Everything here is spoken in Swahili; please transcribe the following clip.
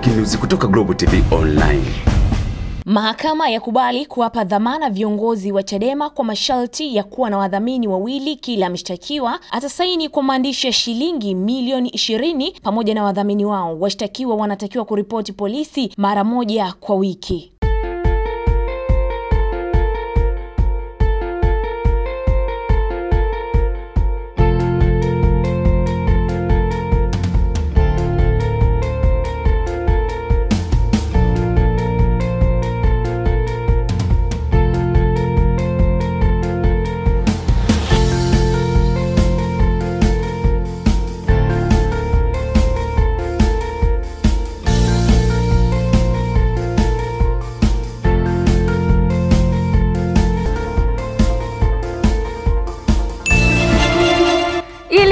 Kinuzi kutoka Global TV Online. Mahakama kubali kuwapa dhamana viongozi wa Chadema kwa masharti ya kuwa na wadhamini wawili kila mshtakiwa atasaini kwa maandishi ya shilingi milioni ishirini pamoja na wadhamini wao. Washtakiwa wanatakiwa kuripoti polisi mara moja kwa wiki.